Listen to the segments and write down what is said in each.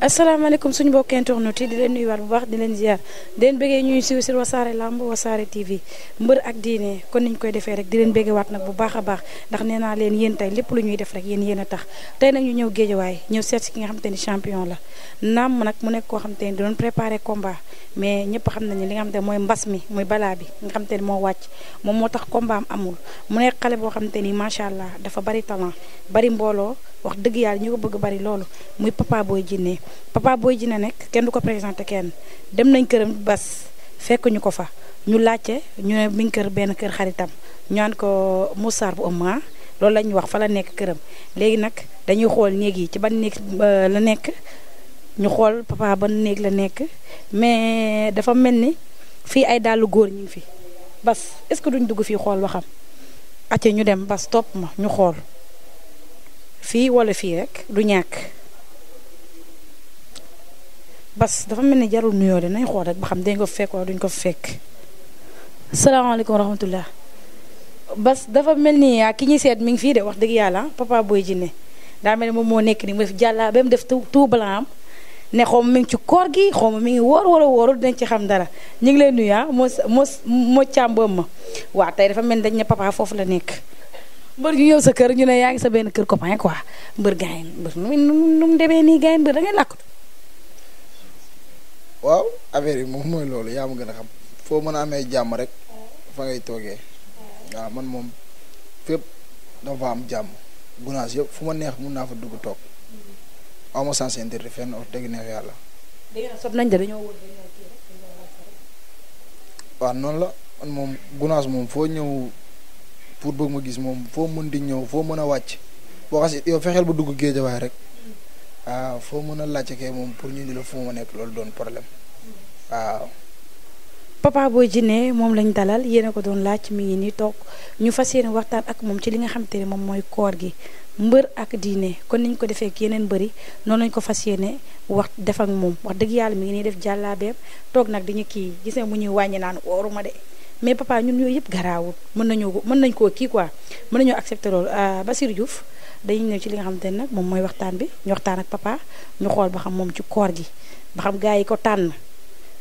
asalaamaaleykum suñu mbokk internet tii di leen nuy nuyuwaat bu baax di leen ziar di leen bëggee ñuy siiw sur wasaare lamb wasaare TV mbër ak diine kon niñ koy defee rek di leen bëggee waat nag bu baax a baax ndax nee naa leen yéen tey lépp lu ñuy def rek yéen yéen a tax tey nag ñu ñëw géejawaay ñëw seet si ki nga xamante ni champion la naam nag mu nekk koo xamante ni doon préparer combat mais ñëpp xam nañu li nga xam ni mooy mbas mi muy balaa bi nga xamante ni moo wàcc moom moo tax combat amul mu nekk xale boo xamante ni macha allah dafa bari talent bari mbooloo wax dëgg yàlla ñu ko bëgg bari loolu muy papaa booy jinne papa booy jinne nag kenn du ko présenté kenn dem nañ këram bas fekk ñu ko fa ñu laajte ñu ne mi kër benn kër xaritam ñaan ko Moussar bu Amma loolu la ñu wax fa la nekk këram léegi nag dañuy xool néeg yi ci ban néeg euh, la nekk ñu xool papa ba néeg la nekk mais dafa mel ni fii ay dàllu góor ñu fi bas est-ce que duñ dugg fii xool waxam acce ñu dem bas topp ma ñu xool fii wala fii rek du ñàkk bas dafa mel ni jarul nuyoo de nañ xool rek ba xam dañ ko fekk wala duñ ko fekk salaamaaleykum wa rahmatullah bas dafa mel ni ah, ki ñuy seet mi ngi fii de wax dëgg yàlla papa booy jinne daa mel ni moom moo nekk ni mu def jàllaa ba mu def tout blanc ne xaw ma mi ngi ci koor gi xaw ma mi ngi woor wala woorul dinañ ci xam dara ñu ngi lay nuyu ah moo moo moo ma waaw tey dafa mel ni dañ ne papa foofu la nekk. mbër ñu ñëw sa kër ñu ne yaa ngi sa benn kër copain quoi mbër gaañ mbër nu mu nu mu demee nii gaañ mbër da ngay waaw affaire yi moom mooy loolu yaa ma gën a xam foo mën a amee jàmm rek fa ngay man moom fépp dafa am jàmm gunaas fu ma neex mun naa fa dugg toog aw ma sens interdit fenn wax dëgg neex yàlla. dégg naa noonu la man moom gunaas moom foo ñëw. pour bëgg ma gis moom foo mën di ñëw foo mën a wàcc boo yow fexeel ba dugg géejawaay rek waaw foo mën a laajte kay moom pour ñu ni la fu ma nekk loolu doon problème waaw. Papa booy Djiné moom lañ dalal yéen ko doon laaj mi ngi nii toog ñu fas yéene waxtaan ak moom ci li nga xam te moom mooy koor gi mbër ak diine kon niñ ko defee ak yeneen bëri noonu lañ ko fas yéene wax defak moom wax dëgg yàlla mi ngi nii def jàllaabeem toog nag di ñu kii mais papa ñun yooyu yëpp garaawul mën nañoo mën nañ ko kii quoi mën nañoo accepter loolu euh, Basir Diouf dañuy ñëw ci li nga xamante ne nag moom mooy waxtaan bi ñu ak papa ñu xool ba xam moom ci koor gi ba xam gars yi ko tànn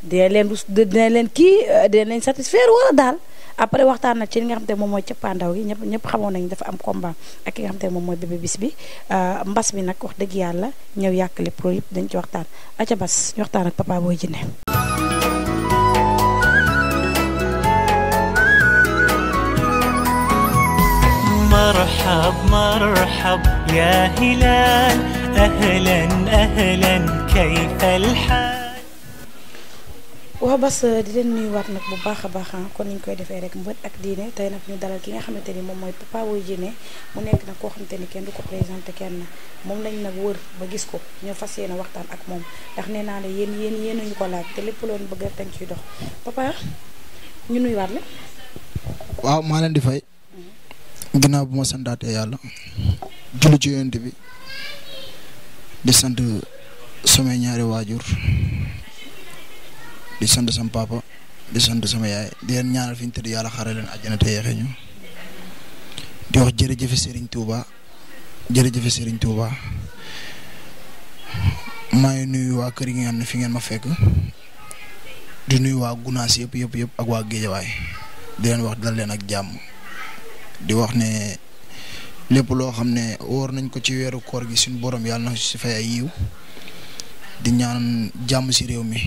dina leen dina leen kii euh, dina leen satisfaire wala daal après waxtaan na ci li nga xamante ne moom mooy cappaandaw gi ñëpp ñëpp xamoon nañu dafa am combat ak ki nga xamante ne moom mooy bébé bis bi euh, mbas bi nag wax dëgg yàlla ñëw yàq lépp loolu yëpp ci waxtaan aca bas ñu waxtaan ak papa booy jinne مرحب مرحب يا هلال أهلا أهلا كيف الحال waaw bas di leen nuyuwaat nag bu baax a baax kon ah. ni ñu koy defee rek mbët ak diine tey nag ñu dalal ki nga xamante ni moom mooy Papa Boy Djiné mu nekk nag koo xamante ni kenn du ko présenté kenn moom lañ nag wër ba gis ko ñoo fas yéene waxtaan ak moom ndax nee naa ne yéen yéen yéen ñu ko laaj te lépp loon bëgga a dañ ciy dox papa ñu nuyuwaat la. waaw maa leen di ginnaaw bu ma santaatee yàlla julli ci yonent bi di sant samay ñaari waajur di sant sama papa di sant sama yaay di leen ñaanal fi ñu yàlla xare leen àjjana te yeexe ñu di wax jërëjëfe Serigne Touba jërëjëfe Serigne Touba maa ngi nuyu waa kër yi ngeen fi ngeen ma fekk di nuyu waa Gunaas yëpp yëpp yëpp ak waa Géejawaay di leen wax dal leen ak jàmm. di wax ne lépp loo xam ne woor nañ ko ci weeru koor gi suñu borom yàlla na si fay ay yiw di ñaan jàmm si réew mi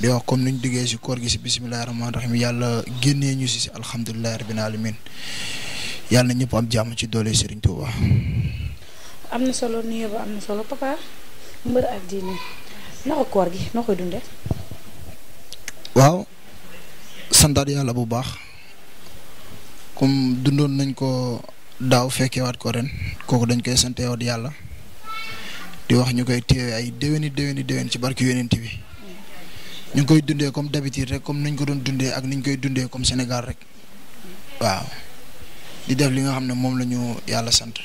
di wax comme niñ duggee si koor gi si bisimilah rahmaani rahiim yàlla génnee ñu si si alhamdulilah rabbil alamin yàlla na ñëpp am jàmm ci doole Serigne Touba. am na solo nuyoo ba am na solo papa mbër ak diine naka koor gi noo koy dundee. waaw santaat yàlla bu baax. comme dundoon nañ ko daaw waat ko ren kooku dañ koy santee santeewaat yàlla di wax ñu koy téye ay déwéni déwéni déwén ci barki yonent bi ñu ngi koy dundee comme d'habitude rek comme niñ ko doon dundee niñ koy dundee comme Sénégal rek waaw di def li nga xam ne moom la ñu yàlla sant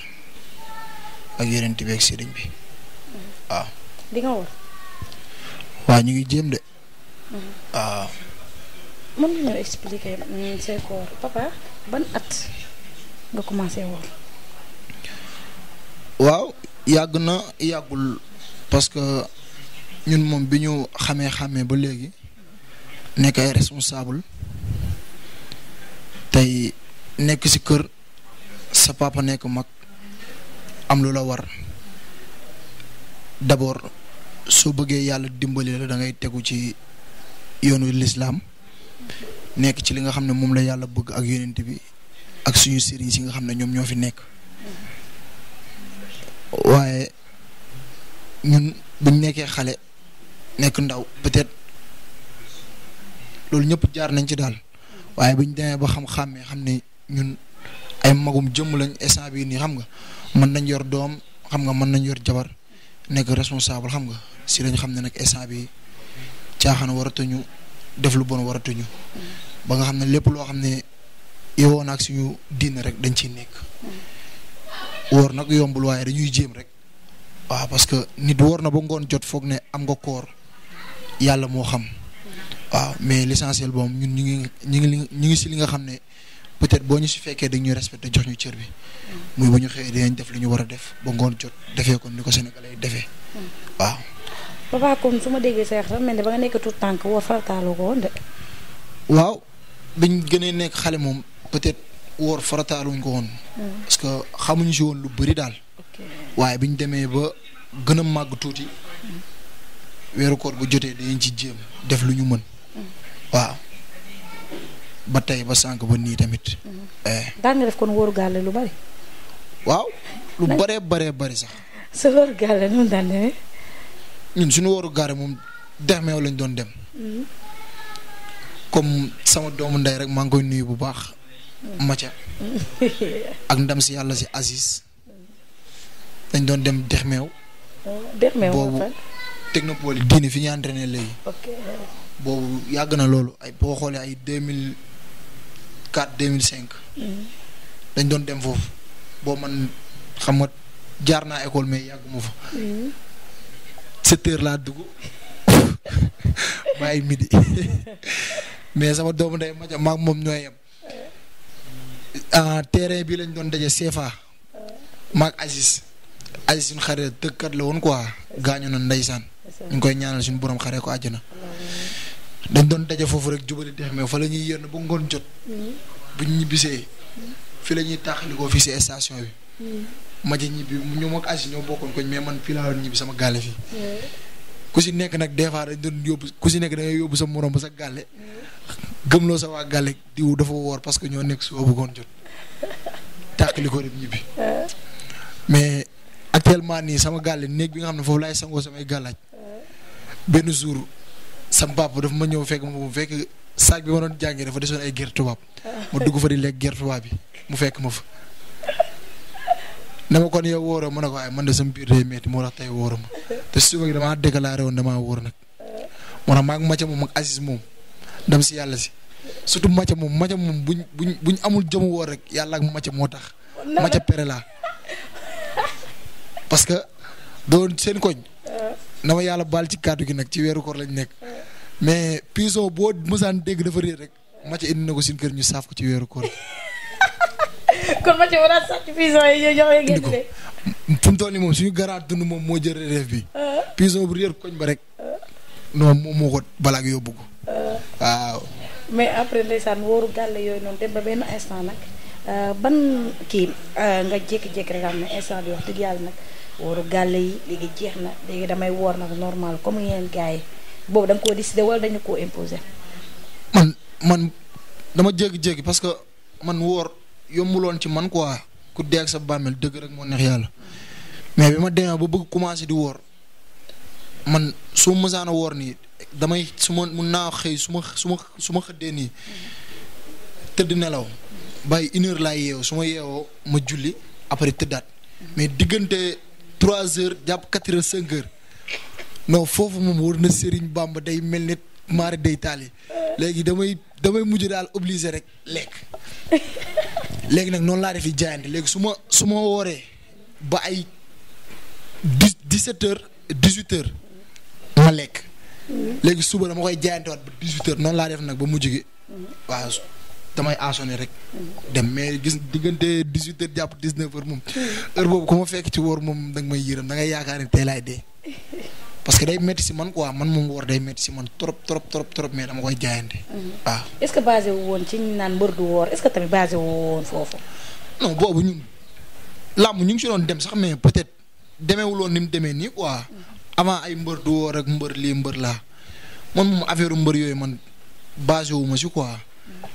ak yonent bi ak sëriñ bi waaw. ñu ngi jéem de. Mm-hmm. waaw. ban at waaw yàgg na yàggul parce que ñun moom bi ñu xamee xàmmee ba léegi nekk ay responsable tey nekk ci kër sa papa nekk mag am lu la war d'abord soo bëggee yàlla dimbali la da tegu ci yoonu lislaam nekk ci li nga xam ne moom la yàlla bëgg ak yonent bi ak suñu sëriñ si nga xam ne ñoom ñoo fi nekk waaye ñun buñ nekkee xale nekk ndaw peut-être loolu ñëpp jaar nañ ci daal waaye buñ demee ba xam-xàmmee xam ne ñun ay magum jëmm lañ instant bii nii xam nga mën nañ yor doom xam nga mën nañ yor jabar nekk responsable xam nga si lañ xam ne nag instant bi caaxaan def lu bon waratuñu ba nga xam ne lépp loo xam ne yowoon ak suñu diine rek dañ ciy nekk woor nag yombul waaye dañuy jéem rek waaw parce que nit woor na ba ngoon jot foog ne am nga koor yàlla moo xam waaw mais l'essentiel boobu ñun ñu ngi ñu ngi ñu ngi si li nga xam ne peut-être boo ñu si fekkee dañuy respecté jox ñu cër bi muy bu ñu xëyee dinañ def lu ñu war a def ba ngoon jot defee ko ni ko Sénégalais defee waaw papa kon su ma déggee sa wax mel ne ba nga nekk tout tànk woo farataaloo ko woon de. waaw biñ gënee nekk xale moom peut-être woor farataaluñ ko woon. Hmm. parce que xamuñ si woon lu bari daal. waaye biñ demee ba gën a màgg tuuti. Hmm. weeru koor bu jotee dañ ci jéem def lu ñu mën. Hmm. waaw ba tey ba sànq ba nii tamit. Eh. daan nga def kon wóoru gàlle lu bari. waaw lu baree baree bari sax. sa wóoru gàlle nu mu daan demee ñun suñu waru gaare moom dex meew lañ doon dem. Mm-hmm. comme sama doomu ndey rek maa ngi koy nuyu bu baax. Mm-hmm. Mathia. ak ndam si yàlla si Aziz. dañ doon dem dex meew. Oh, dex meew boobu technopole diini fi ñu entraîné léegi. boobu yàgg na loolu ay boo xoolee ay deux mille quatre deux mille cinq. Mm-hmm. dañ doon dem foofu boo man xam nga jaar naa école mais yàggu mu fa. sept heures laa maa bàyyi midi mais sama doomu day maja maag moom ñoo yem terrain bi lañ doon daje CFA maag Aziz Aziz suñu xare tëkkat la woon quoi gaañu na ndeysaan ñu koy ñaanal suñ borom xaree ko àjjana dañ doon daje foofu rek jubali dex mais fa la ñuy yéen ba ngoon jot mm-hmm. bu ñu ñibbisee fi lañuy ñuy tàqalikoo fi si station bi maji ñibbi ñoom ak Asi ñoo bokkoon koñ mais man fii ñibbi sama gàlle fi ku si nekk nag des fois dañ doon yóbbu ku si nekk da ngay yóbbu sa morom ba sa gàlle gëmloo sa waa gàlle diw dafa woor parce que ñoo nekk su bëggoon jot tàqali ko rek ñibbi mais actuellement nii sama gàlle néeg bi nga xam ne foofu laay sangoo samay gàllaaj benn jour sam papa dafa ma ñëw fekk ma foofu fekk saag bi ma doon jàngee dafa desoon ay gerte tubaab ah. ma dugg fa di lekk gerte tubaab bi mu fekk ma fa ne ma kon yow wóoroo ma ne ko waaye man de sama biir day métti moo tax tey wóoroo ma te suba gi damaa déclaré woon damaa wóor nag moo tax maag Mathia moom ak Aziz moom dem si yàlla si surtout Mathia moom Mathia moom buñ buñ buñ amul jëmu wóor rek ak Mathia moo tax. Mathia pere laa parce que doon seen koñ. na ma yàlla baal ci kàddu gi nag ci weeru koor lañ nekk. mais Piso boo mësaan dégg dafa réer rek Mathia indi na ko suñu kër ñu saaf ko ci weeru koor. kon ma ci war a sàcc pison yi ñoo jox leen génn de. fu mu moom suñu garaat dund moom moo jël relève bi. Ah. pison bu réer koñ ba rek. non moom moo ko balaag yóbbu ko. Ah. waaw. mais après ndeysaan wóoru gàll yooyu noonu dem ba benn instant nag euh, ban kii euh, nga jékki-jékki rek am na instant bi wax dëgg yàlla nag wóoru gàll yi léegi jeex na léegi damay woor nag normal comme yeen gars boobu da nga koo décider wala dañu koo imposer. man man dama jékki-jékki parce que man woor. yombuloon ci man quoi ku dee ak sa bàmmeel dëgg rek moo neex yàlla mais bi ma demee ba bëgg commencé di woor man su ma mësaan woor nii damay su ma mun naa xëy su ma su su ma xëddee nii tëdd nelaw bàyyi une heure laay yeew su ma yeewoo ma julli après tëddaat mais diggante trois heures jàpp quatre heures cinq heures non foofu moom war na Serigne Bamba day mel ne maari day yi léegi damay damay mujj daal obligé rek lekk léegi nag noonu laa def defi jaayante léegi su ma su ma wooree ba ay dix dix sept heures dix huit ma lekk léegi suba dama koy jaayante waat ba dix huit noonu laa def nag ba mujj gi waaw damay asonné rek dem mais gis diggante dix huit jàpp dix neuf heures moom heure boobu ku ma fekk ci woor moom danga may yërëm dangay yaakaar ne tey laay dee. parce que day métti si man quoi man moom war day métti si man trop trop trop trop mais dama koy jaayante. Mhm. waaw est ce que basé wu woon ci ñu naan mbër du woor est ce que tamit basé woon foofu. non boobu ñun làmb ñu ngi si doon dem sax mais peut être demeewul woon ni mu demee nii quoi. Mhm. avant ay mbër du woor ak mbër lii mbër laa man moom affaire mbër yooyu man basé wu ma si quoi. Mhm.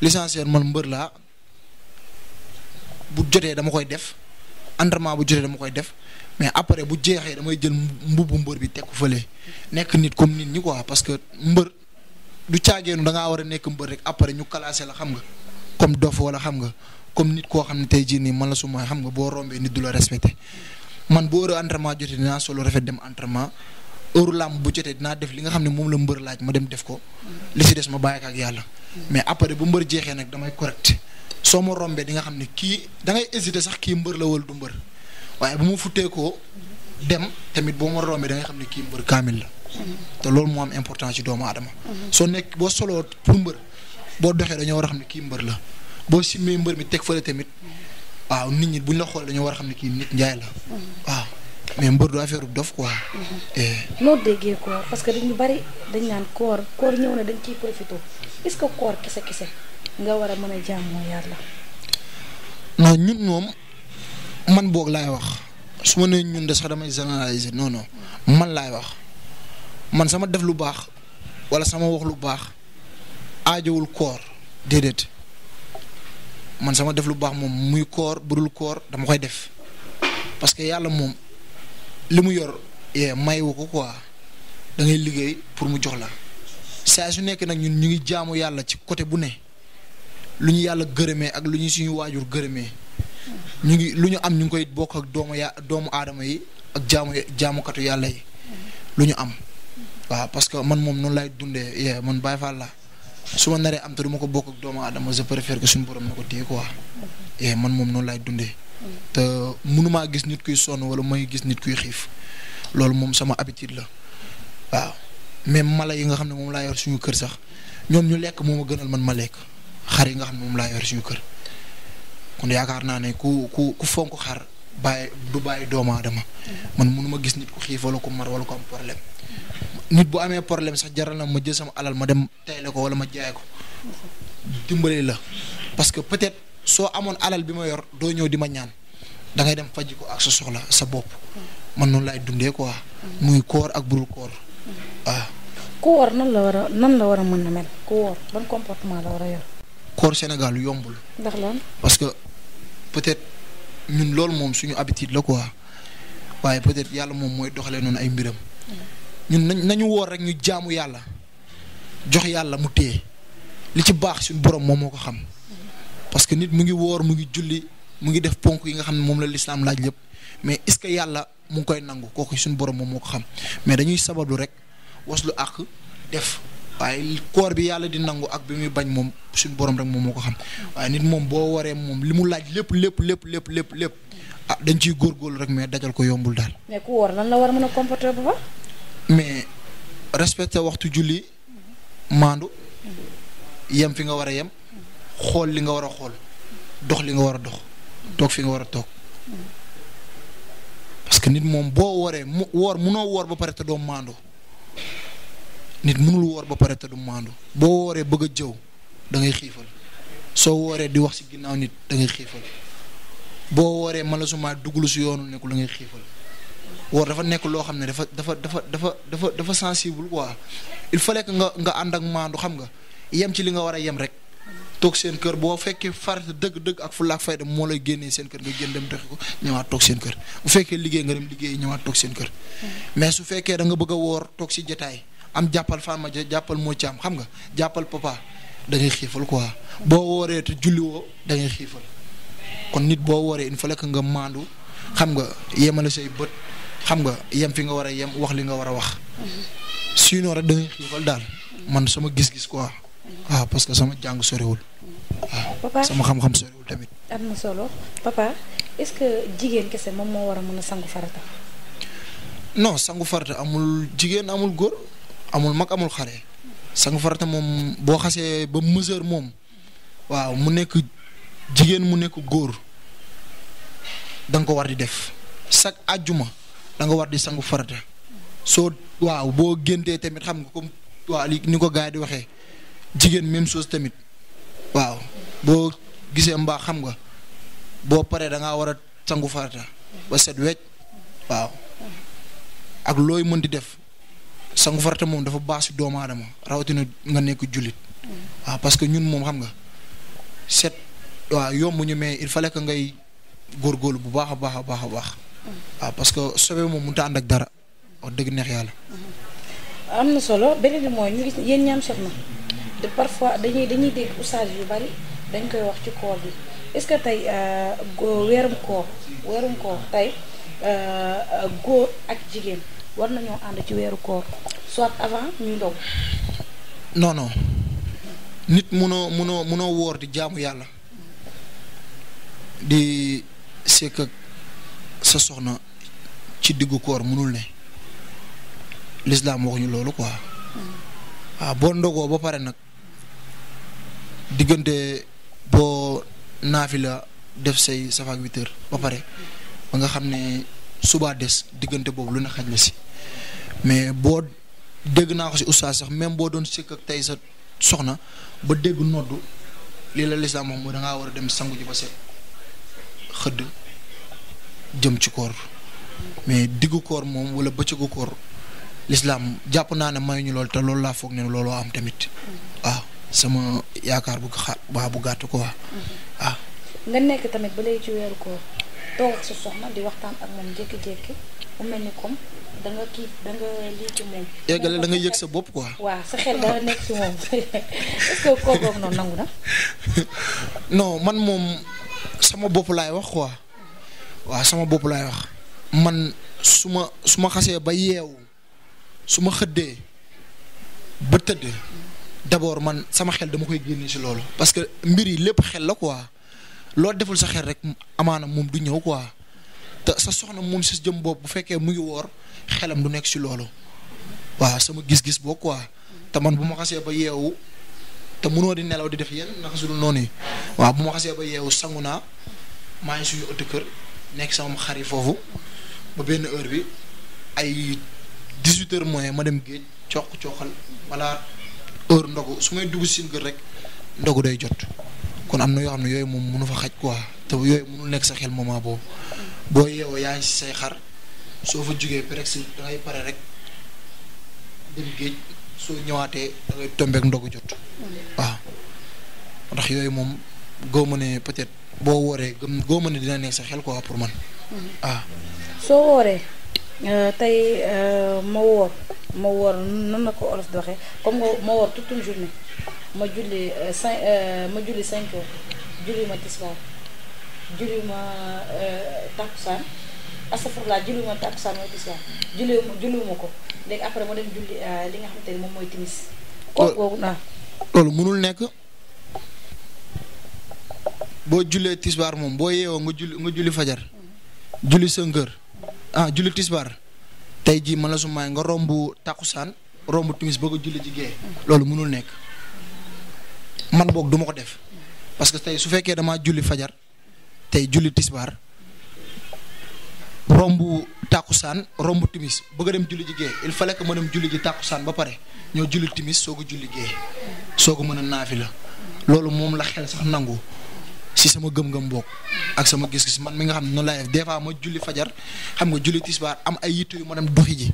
l'essentiel man mbër laa bu jotee dama koy def endrement bu jotee dama koy def. mais après bu jeexee damay jël mbubbu mbër bi teg ko fële nekk nit comme nit ñi ko parce que mbër du caageenu da ngaa war a nekk mbër rek après ñu classé la xam nga comme dof wala xam nga comme nit koo xam ne tey jii nii man la su xam nga boo rombee nit du la respecté man bu heure entraînement jotee dinaa solo rafet dem entrement heure làmb bu jotee dinaa def li nga xam ne moom la mbër laaj ma dem def ko li si des ma bàyyi ak yàlla mais après bu mbër jeexee nag damay correct soo ma rombee di nga xam ne kii da ngay hésité sax kii mbër la wala du waaye bu ma koo dem tamit boo ma rombee da nga xam ne kii mbër kaamil la te loolu moo am importance ci doomu aadama soo nekk boo soloo pour mbër boo doxee dañoo war a xam ne kii mbër la boo simmee mbër mi teg fële tamit waaw nit ñi buñ la xoolee dañoo war a xam ne kii nit njaay la waaw mais mbër du affaire dof quoi. Eh. noo déggee koor parce que dañu bari dañ naan koor koor ñëw na dañ ciy profité est-ce que koor kese kese nga war a mën a jaamoo yàlla. ñun moom. man boog laay wax su ma nee ñun de sax damay généraliser non man laay wax man sama def lu baax wala sama wax lu baax aajowul koor déedéet man sama def lu baax moom muy koor budul koor dama koy def parce que yàlla moom li mu yor yee mayewu ko quoi da ngay liggéey pour mu jox la saa su nekk nag ñun ñu ngi jaamu yàlla ci côté bu ne lu ñu yàlla gërëmee ak lu ñu suñu waajur gërëmee. ñu ngi lu ñu am ñu ngi koy bokk ak doomu ya doomu aadama yi ak jaamu jaamukatu yàlla yi lu ñu am waaw parce que man moom noonu lay dundee man Baye Fall la su ma naree am te du ma ko bokk ak doomu aadama je préfère que suñu borom ma ko téye quoi man moom noonu laay dundee te mënumaa gis nit kuy sonn wala may gis nit kuy xiif loolu moom sama habitude la waaw même mala yi nga xam ne moom laa yor suñu kër sax ñoom ñu lekk moom a gënal man ma lekk xar yi nga xam ne moom laa yor suñu kër kon yaakaar naa ne ku ku ku fonk xar bàyyi du bàyyi doomu aadama man ma gis nit ku xiif wala ku mar wala ku am problème nit bu amee problème sax jaral na ma jël sama alal ma dem tayle ko wala ma jaay ko dimbale la parce que peut-être soo amoon alal bi ma yor doo ñëw di ma ñaan da ngay dem fajji ko ak sa soxla sa bopp man noonu laay dundee quoi muy koor ak burul koor waaw. ku woor nan la war a la war a mën na mel ku woor ban comportement la war a yor. koor Sénégal yombul. peut-être ñun loolu moom suñu habitude la ko quoi waaye peut-être yàlla moom mooy doxalee noonu ay mbiram. ñun nañ nañu woor rek ñu jaamu yàlla jox yàlla mu téye li ci baax suñu borom moom moo ko xam parce que nit mu ngi woor mu ngi julli mu ngi def ponk yi nga xam ne moom la lislaam laaj lépp mais est-ce que yàlla mu ngi koy nangu kooku suñu borom moom moo ko xam mais dañuy sabablu rek waslu ak def. waaye koor bi yàlla di nangu ak bi muy bañ moom suñu borom rek moom moo ko xam waaye nit moom boo waree moom li mu laaj lépp lépp lépp lépp lépp lépp ah dañ ciy góorgóorlu rek mais dajal ko yombul daal. mais ku woor lan war a a comporter bu baax. mais respecté waxtu julli maandu yem fi nga war a yem xool li nga war a xool dox li nga war a dox toog fi nga war a toog. parce que nit moom boo waree mu woor munoo woor ba pare te doo maandu. nit mënul woor ba pare te du maandu boo wooree bëgg a jëw da ngay xiifal soo wooree di wax si ginnaaw nit da ngay xiifal boo wooree malheureusement duggalu si yoonu nekkul da ngay xiifal woor dafa nekk loo xam ne dafa dafa dafa dafa dafa dafa sensible quoi il fallait que nga nga ànd ak maandu xam nga yem ci li nga war a yem rek toog seen kër boo fekkee farata dëgg-dëgg ak fulla ak fayda moo lay génnee seen kër nga génn dem doxi ko ñëwaat toog seen kër bu fekkee liggéey nga dem liggéey ñëwaat toog seen kër mm-hmm. mais su fekkee da nga bëgg a woor toog si jotaay am jàppal Fama jàppal moo ci am xam nga jàppal papa da xiifal quoi boo wooree te julliwoo da kon nit boo wooree il fallait que nga maandu xam nga yemale say bët xam nga yem fi nga war a yem wax li nga war a wax sinon rek da xiifal daal man sama gis-gis quoi waaw ah, parce que sama jàng soriwul waaw ah, sama xam-xam soriwul tamit. am na solo papa est jigéen kese moom moo war a mën a sangu farata. non sangu farata amul jigéen amul góor. amul mag amul xare sangu farata moom boo xasee ba mesure moom waaw mu nekk jigéen mu nekk góor danga ko war di def chaque àjjuma danga war di sangu farata soo waaw boo géntee tamit xam nga comme waaw ko gars yi di waxee jigéen même sos tamit waaw boo gisee mbaa xam nga boo paree da ngaa war a sangu farata ba set wecc waaw ak looy mën di def sangu farata moom dafa baax si doomu rawatina nga nekk jullit. waaw parce que ñun moom xam nga set waaw yomb ñu mais il fallait que ngay góorgóorlu bu baax a baax a baax a baax. waaw parce que sobe moom mënut a ànd ak dara wax dëgg neex yàlla. am na solo beneen bi mooy ñu gis yéen ñaam soxna de parfois dañuy dégg oustaz yu bari dañ koy wax ci koor bi est-ce que tey euh, weerum koor weerum koor tey euh, góor ak jigéen. war nañoo ànd ci weeru noo soit avant ñuy woor di jaamu yàlla di sekk ak sa soxna ci diggu koor mënul ne lislaam waxuñu loolu quoi. waaw hmm. ah, boo ndogoo ba pare nag diggante boo naafi la def say safaak huit ba pare ba nga xam ne subaa des diggante boobu lu ne xaj la si. mais boo dégg naa ko si oustaz sax même boo doon sëkk ak tey sa soxna ba dégg noddu lii la lislaam moom mooy da war a dem sangu ji ba set xëdd jëm ci koor mais diggu koor moom wala bëccëgu koor lislaam jàpp naa ne ñu lool te loolu laa foog ne looloo am tamit waaw ah, sama yaakaar bu xa bu gàtt ko waa mm-hmm. ah. nga nekk tamit ba léegi ci weeru koor toog ak sa soxna di waxtaan ak moom jékki-jékki mu mel da nga yëg sa bopp quoi. waaw sa xel da nekk ci moom man moom sama bopp laay wax quoi. waaw sama bopp laay wax. man su ma su ma xasee ba yeewu su ma xëddee ba tëdd d'abord man sama xel dama koy génne si loolu. parce que mbir yi lépp xel la quoi. loo deful sa xel rek amaana moom du ñëw quoi te sa soxna moom si jëm boobu bu fekkee mu ngi woor xelam du nekk si loolu waaw sama gis-gis boo quoi te man bu ma xasee ba yeewu te mënoo di nelaw di def yenn naka su dul noonu yi waaw bu ma xasee ba yeewu sangu naa maa ngi suñu ëtt kër nekk sama xari foofu ba benn heure bi ay 18 heures moins ma dem géej coq coqal wala heure ndogu su may dugg si kër rek ndogu day jot. kon am na yoo xam ne yooyu moom mënu fa xaj quoi te yooyu mënul nekk sa xel moment boobu boo yeewoo yaa say xar soo fa jugee presque dangay pare rek dem géej soo ñëwaatee dangay tombeek ndogu jot waaw ndax yooyu moom goo ma ne peut-être boo wooree gëm goo ma ne dina nekk sa xel quoi pour man ah soo wooree euh, tey euh, ma woor ma woor nan na ko olof doxee comme ma woor toute une journée Euh, euh, ma julli cinq julli ma tisbaar julli ma euh, takkusaan astafurlaa julli ma takkusaan mooy tisbaar julli julliwu mënul nekk boo jullee tisbaar moom boo yeewoo nga julli fajar julli cinq ah julli tisbaar tey jii man la su may nga romb takkusaan romb timis ba ko julli jigéen loolu mënul nekk man boog duma ko def parce que tey su fekkee damaa julli fajar tey julli tisbaar romb tàkkusaan romb timis bëgg a dem julli ji gee il fallait que ma dem julli ji tàkkusaan ba pare ñoo julli timis soo ko julli gee soo ko mën a naafi la loolu moom la xel sax nangu si sama gëm-gëm bokk ak sama gis-gis man mi nga xam ne noonu laay def des fois ma julli fajar xam nga julli tisbaar am ay yitte yu ma dem doxi ji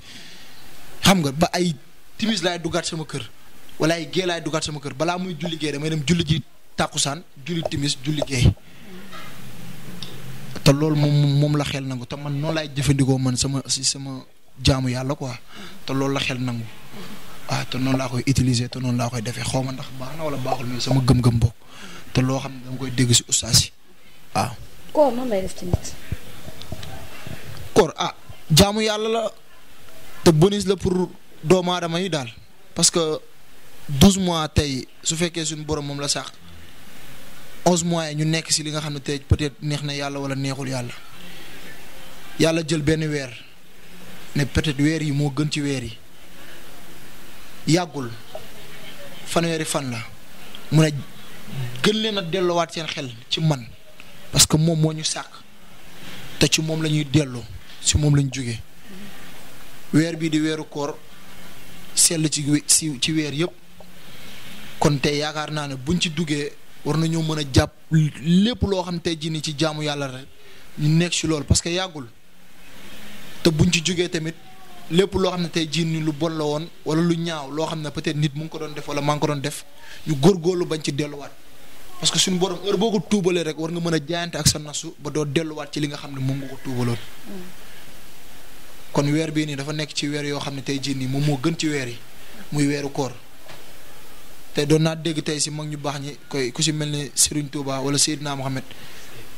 xam nga ba ay timis laay duggaat sama kër wala ay gée laay dugaat sama kër balaa muy julli gée damay dem julli ji tàkkusaan julli timis julli gée te loolu moom moom la xel nangu te man noonu laay jëfandikoo man sama si sama jaamu yàlla quoi te loolu la xel nangu waaw te noonu laa koy utiliser te noonu laa koy defee xaw ma ndax baax na wala baaxul mais sama gëm-gëm bokk te loo xam ne dama koy dégg si ustaas yi waaw. koor ah jaamu yàlla la te bonus la pour doomu aadama yi daal parce douze mois tey su fekkee suñu borom moom la sax onze mois yi ñu nekk si li nga xam ne tey peut-être neex na yàlla wala neexul yàlla yàlla jël benn weer ne peut-être weer yi moo gën ci weer yi yàggul fanweeri fan la mu ne gën leen a delloowaat seen xel ci man parce que moom moo ñu sàkk te ci moom la ñuy delloo si moom la jóge weer bii di weeru koor sell ci ci weer yëpp kon tey yaakaar naa ne buñ ci duggee war na nañoo mën a jàpp lépp loo xam ne tey jii nii ci jaamu yàlla rek ñu nekk ci loolu parce que yàggul te buñ ci jógee tamit lépp loo xam ne tey jii nii lu bon la woon wala lu ñaaw loo xam ne peut-être nit mu ngi ko doon def wala maa ngi doon def ñu góorgóorlu bañ ci delluwaat parce que suñu borom heure boo ko tuubalee rek war nga mën a jaayante ak sa ba doo delluwaat ci li nga xam ne moom nga ko tuubaloon. Mm. weer bii nii dafa nekk ci weer yoo xam ne tey jii nii moom moo gën ci weer yi muy weeru koor. te doon naa dégg tey si mag ñu baax ñi koy ku si mel ni Serigne Touba wala Seydina Mohamed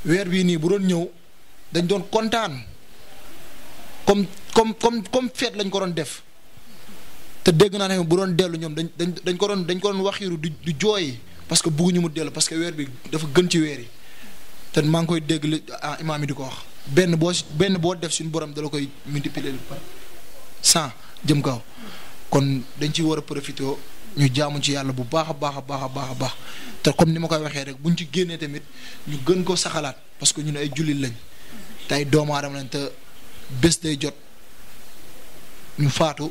weer bii nii bu doon ñëw dañ doon kontaan comme comme comme comme feet lañ ko doon def te dégg naa ne bu doon dellu ñoom dañ dañ dañ ko doon dañ ko doon waxiiru du du jooy parce que bëgguñu mu dellu parce que weer bi dafa gën ci weer yi te maa ngi koy dégg li ah imaam yi di ko wax benn boo benn boo def suñu borom dala koy multiplier par jëm kaw kon dañ ci war a profité. ñu jaamu ci yàlla bu baax a baax a baax a baax a baax te comme ni ma koy waxee rek bu ñu ci génnee tamit ñu gën ko saxalaat parce que ñun ay jullit lañ te ay doomu aadama lañ te bés day jot ñu faatu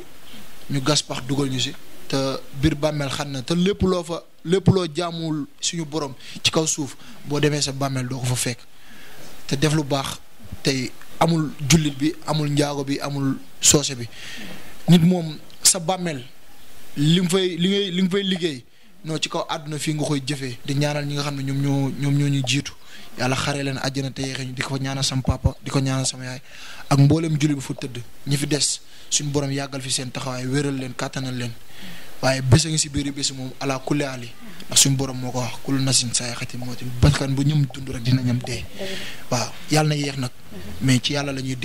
ñu gas pax dugal ñu si te biir bàmmeel xam na te lépp loo fa lépp loo jaamuwul suñu borom ci kaw suuf boo demee sa bàmmeel doo ko fa fekk te def lu baax tey amul jullit bi amul njaago bi amul soose bi nit moom sa bàmmeel li nga fay li ngay li nga fay liggéey non ci kaw àdduna fii nga koy jëfee di ñaanal ñi nga xam ne ñoom ñoo ñoom ñoo ñu jiitu yàlla xaree leen àjjana te yéexe ñu di ko ñaanal sama papa di ko ñaanal sama yaay ak mboolem julli bi fu tëdd ñu fi des suñu borom yàggal fi seen taxawaay wéral leen kàttanal leen waaye bés a ngi si biir bés moom ala kulli ali ndax suñu borom moo ko wax kullu nasin sa yaxati mootin bakkan bu ñum dund rek dina ñam dee waaw yàlla na yéex nag mais ci yàlla la ñuy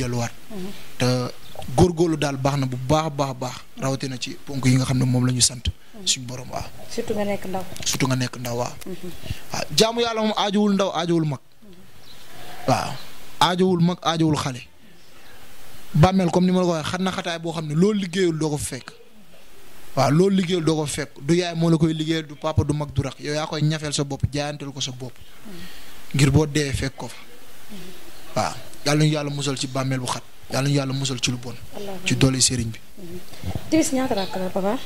góor góorgóorlu daal baax na bu baax baax baax rawatina ci ponk yi nga xam ne moom la ñu sant. suñu borom waaw. nga nekk ndaw. surtout mhm. jaamu yàlla moom aajowul ndaw aajowul mag. waaw aajowul mag aajowul xale. bàmmeel comme ni ma la ko xat na xataay boo xam ne loolu liggéeyul doo ko fa fekk. waaw loolu liggéeyul doo ko fekk du yaay moo la koy liggéeyal du papa du mag du rax yow yaa koy ñafeel sa bopp jaayanteel ko sa bopp. Mhm. ngir boo dee fekk ko fa. Mhm. waaw yàlla ñu yàlla musal ci bàmmeel bu xat. yàlla ñu yàlla musal ci lu bon. ci doole sëriñ bi. Mmh. timis ñaata raaka la papa.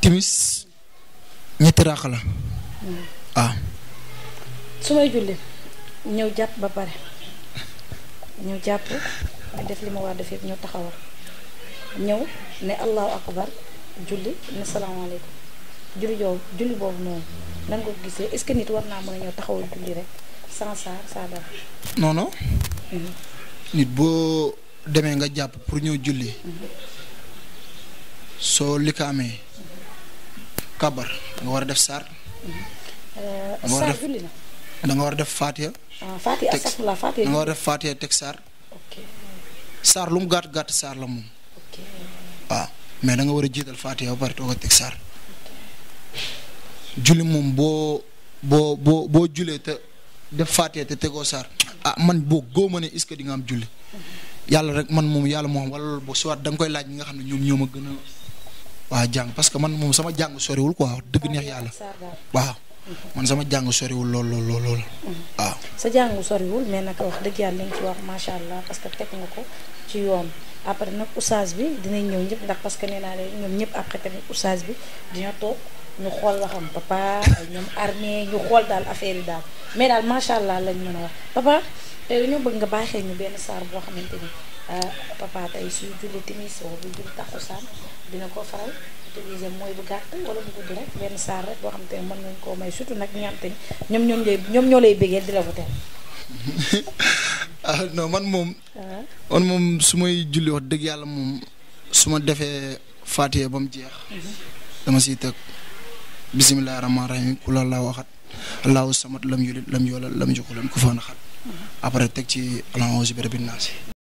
timis ñetti raaka la. waaw. Mmh. Ah. su may julli ñëw jàpp ba pare ñëw jàpp def li ma war defee def yëpp ñëw taxawal ñëw ne allahu akbar julli ne salaamaaleykum julli jooju julli boobu noonu nan nga ko gisee est nit war naa mën a ñëw taxawal julli rek sans ça ça dara. non mmh. nit boo demee nga jàpp pour ñëw julli soo likaamee kabar nga war a def saar. Mm-hmm. nga war a def da nga war a def Fatia. Ah, Fatia astaghfirullah Fatia. da nga a teg saar. saar lu mu gàtt gàtt saar la moom. ok mais danga war a jiital Fatia ba pare toog a teg saar. julli moom boo boo boo boo julee te def Fatia te tegoo saar. ah man boo góo ma ne est-ce que nga am julli yàlla rek man moom yàlla moo xam wala loolu boo soit da nga koy laaj ñi nga xam ne ñoom ñoo ma gën a waa jàng parce que man moom sama jàng soriwul quoi dëgg neex yàlla waaw man sama jàng soriwul lool lool lool lool. waaw sa jàngu soriwul mais nag wax dëgg yàlla li ci wax macha allah parce que teg nga ko ci yoon après nag oustaz bi dinañ ñëw ñëpp ndax parce que nee naa ñoom ñëpp après tamit oustaz bi dina toog. ñu xool la xam papa ay ñoom armée ñu xool daal affaire yi daal mais daal macha allah lañ mën a wax papa tey dañoo bëgg nga baaxee ñu benn saar boo xamante ni ah, papa tey suy julli timis wala bu julli ko faral mooy bu saar rek boo xamante ni mën nañ koo may surtout nag ñi ñoom ñoo lay ñoom ñoo lay bëggee di la voter ah man moom. Ah. man moom su may julli wax dëgg yàlla moom su ma defee Faatiha ba jeex. Mhm. dama siy teg. bisimilah rahmaani rahiim ku la la waxat allahu samat lam yulit lam yoolal lam yuxulan ku faan xat mm-hmm. après teg ci alhamdulilah bi rabbi